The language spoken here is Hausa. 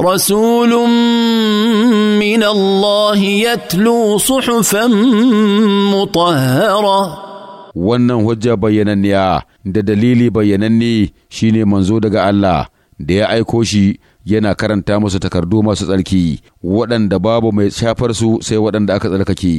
رسول من الله يتلو صحفا مطهره wannan hujja bayyananniya da dalili bayyananne shine manzo daga Allah da ya aiko shi yana karanta musu takardu masu tsarki waɗanda babu mai shafarsu su sai waɗanda aka tsarkake